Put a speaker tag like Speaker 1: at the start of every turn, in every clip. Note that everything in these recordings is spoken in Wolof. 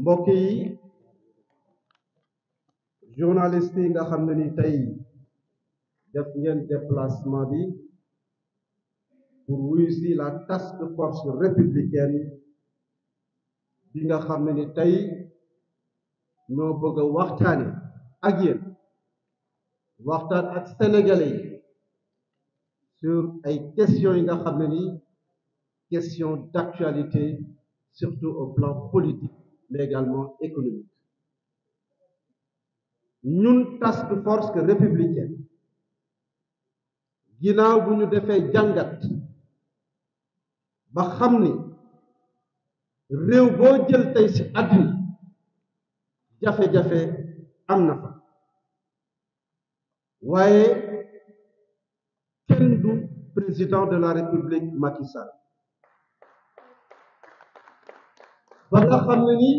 Speaker 1: mbokk yi journaliste yi nga xam ne ni tey def ngeen déplacement bi pour wuyu la task force républicaine bi nga xam ne ni tey noo bëgg a waxtaane ak yéen waxtaan ak sénégalais yi sur ay questions yi nga xam ne ni question d'actualité surtout au plan politique mais également économique ñun task force républicaine ginnaaw bu ñu defee jàngat ba xam ni réew boo jël tey ci àddina jafe-jafe am na fa waaye kenn du président de la république Macky ba nga xam ne ni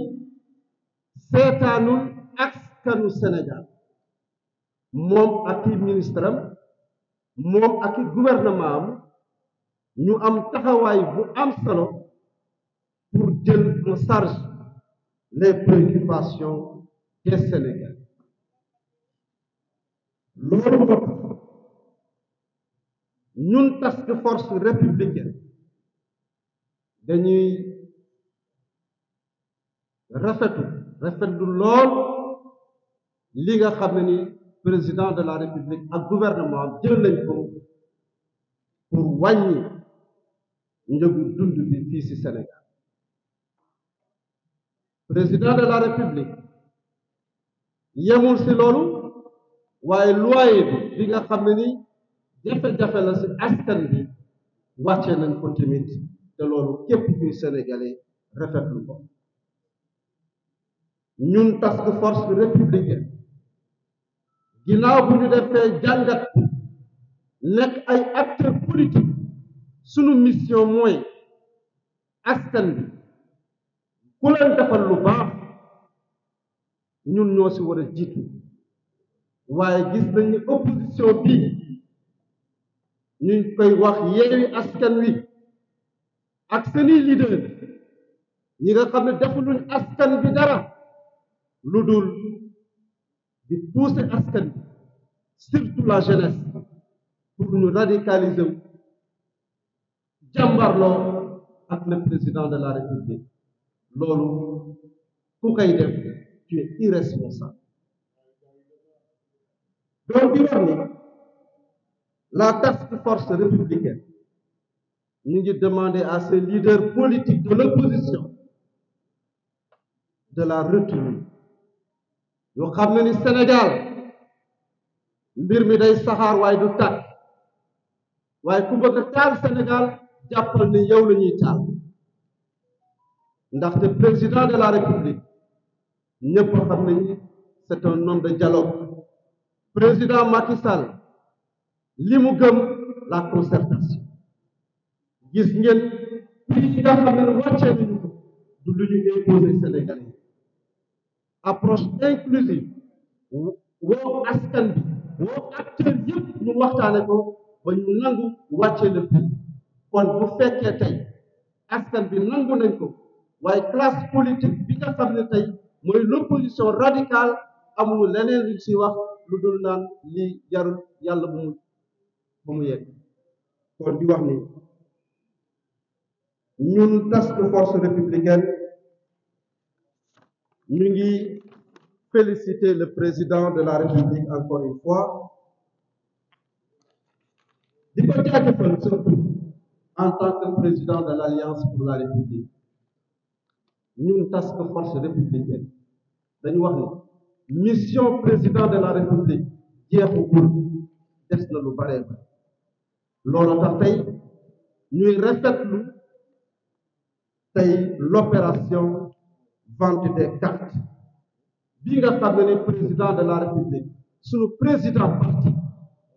Speaker 1: seetaanul askanu Sénégal moom ak i ministre am moom ak i gouvernement am ñu am taxawaay bu am solo pour jël en charge les préoccupations des Sénégalais loolu moo ñun task force républicaine dañuy rafetu lu lool li nga xam ne ni président de la république ak gouvernement am jël nañ ko pour wàññi njëgu dund bi fii ci Sénégal président de la république yemul ci loolu waaye loyer bi bi nga xam ne ni jafe-jafe la ci askan bi wàcce nañ ko tamit te loolu képp kuy sénégalais rafetlu ko ñun task force républicaine ginnaaw bu ñu defee jàngat nekk ay acteurs politiques sunu mission mooy askan bi ku leen defal lu baax ñun ñoo ci war a jiitu waaye gis nañ ni opposition bii ñu koy wax yeewi askan wi ak seeni leader ñi nga xam ne defaluñ askan bi dara lu dul di pousser askan bi surtout la jeunesse pour ñu radicaliser jàmbarloo ak le président de la république loolu ku koy def tu es irresponsable donc di la task force républicaine ñu ngi demander à ses leaders politiques de l'opposition de la retenue ñu xam ne ni Sénégal mbir mi day saxaar waaye du tàkk waaye ku bëgg a taal Sénégal jàppal ni yow la ñuy taal ndaxte président de la république ñëpp xam nañu c'est un homme président Macky li mu gëm la concertation gis ngeen prix yi nga xam ne wàccee nañu du lu ñu imposé Sénégalais approche inclusive woo askan bi woo acteur yëpp ñu waxtaane ko ba ñu nangu wàcce le prix kon bu fekkee tey askan bi nangu nañ ko waaye classe politique bi nga xam ne tey mooy l'opposition radicale amul leneen luñ wax lu dul naan li jarul yàlla bu mu bu mu yegg kon di wax ni ñun task force républicaine ñu ngi féliciter le président de la République encore une fois di ko jaajëfal en tant que président de l'Alliance pour la République ñun task force républicaine dañu wax ne mission président de la République jeexugul des na lu bare ba loolu tax tey ñuy rafetlu tey l'opération vente des cartes bii nga xam ne président de la république suñu président parti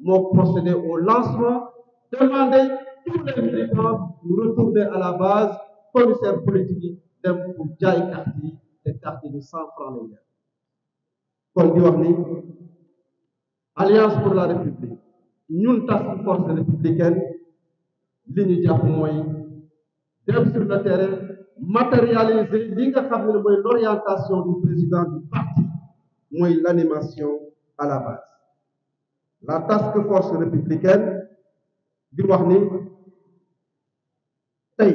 Speaker 1: moo procédé au lancement demandé tous les militants ñu retourner à la base commissaire politique dem pour jaay carte yi te carte yi cent francs lañ leen kon di ni alliance pour la république ñun task force républicaine li ñu jàpp mooy dem sur matérialiser li nga xam ne mooy l'orientation du président du parti mooy l'animation à la base la task force républicaine di wax ni tey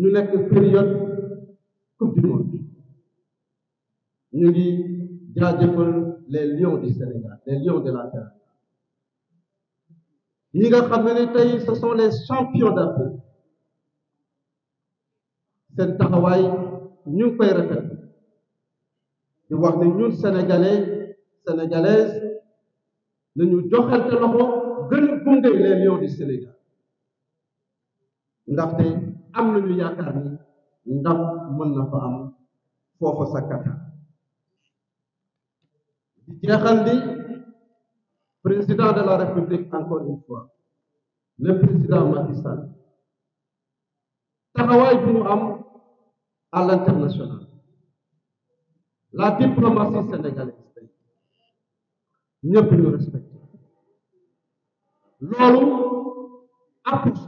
Speaker 1: ñu nekk période coupe du monde ñu ngi jaajëfal les lions du Sénégal les lions de la terre ñi nga xam ne tey ce sont les champions d'Afrique seen taxawaay ñu koy rafet di wax ne ñun sénégalais sénégalaise nañu joxante loxo gën a gunge les lions du Sénégal ndaxte am nañu yaakaar ni ndam mën na fa am foofu sa kata di jeexal di président de la république encore une le président Macky taxawaay bu mu am à l'international. La diplomatie sénégalaise tey ñëpp ñu respecté loolu approche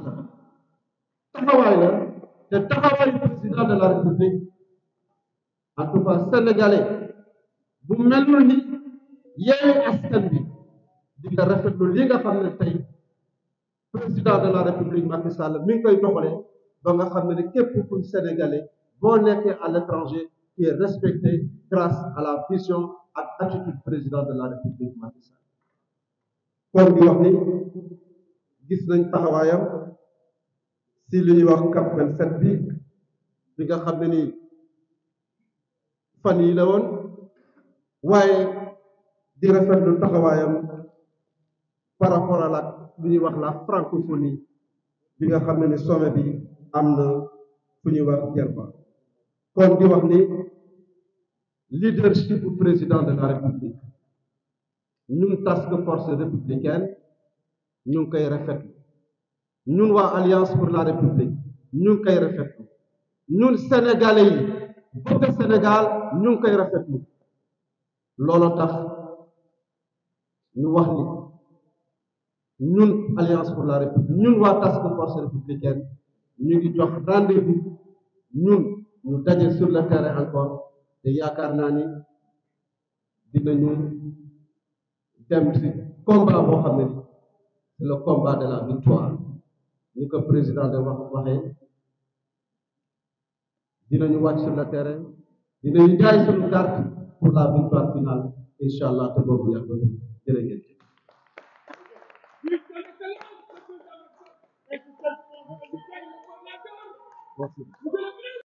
Speaker 1: taxawaay la te taxawaayu président de la république en tout bu melul ni yeewu askan bi di nga rafetlu li nga xam ne tey président de la république Macky Sall koy doxalee ba nga xam ne képp kuy sénégalais. boo nekkee à l'étranger qui est respecté grâce à la vision ak attitude président de la république Macky Sall kon wax ni gis nañ taxawaayam si li ñuy wax CAP 27 bi bi nga xam ne ni fan yi la woon waaye di rafetlu taxawaayam par rapport à la li ñuy wax la francophonie bi nga xam ne ni sommet bi am na fu ñuy wax Djerba kon di wax ni leadership bu président de la république ñun task force républicaine ñu ngi koy rafetlu ñun waa alliance pour la république ñu ngi koy rafetlu ñun sénégalais yi bëgg sénégal ñu ngi koy rafetlu loolo tax ñu wax ni ñun alliance pour la république ñun waa task force républicaine ñu ngi jox rendez-vous ñun ñu daje sur le terrain encore te yaakaar naa ni dinañu dem ci combat boo xam ne c'est le combat de la victoire ni ko président de wax waxee dinañu wàcc sur le terrain dinañu jaay suñu carte pour la victoire finale incha allah te boobu yàgg jërë ngeen jëf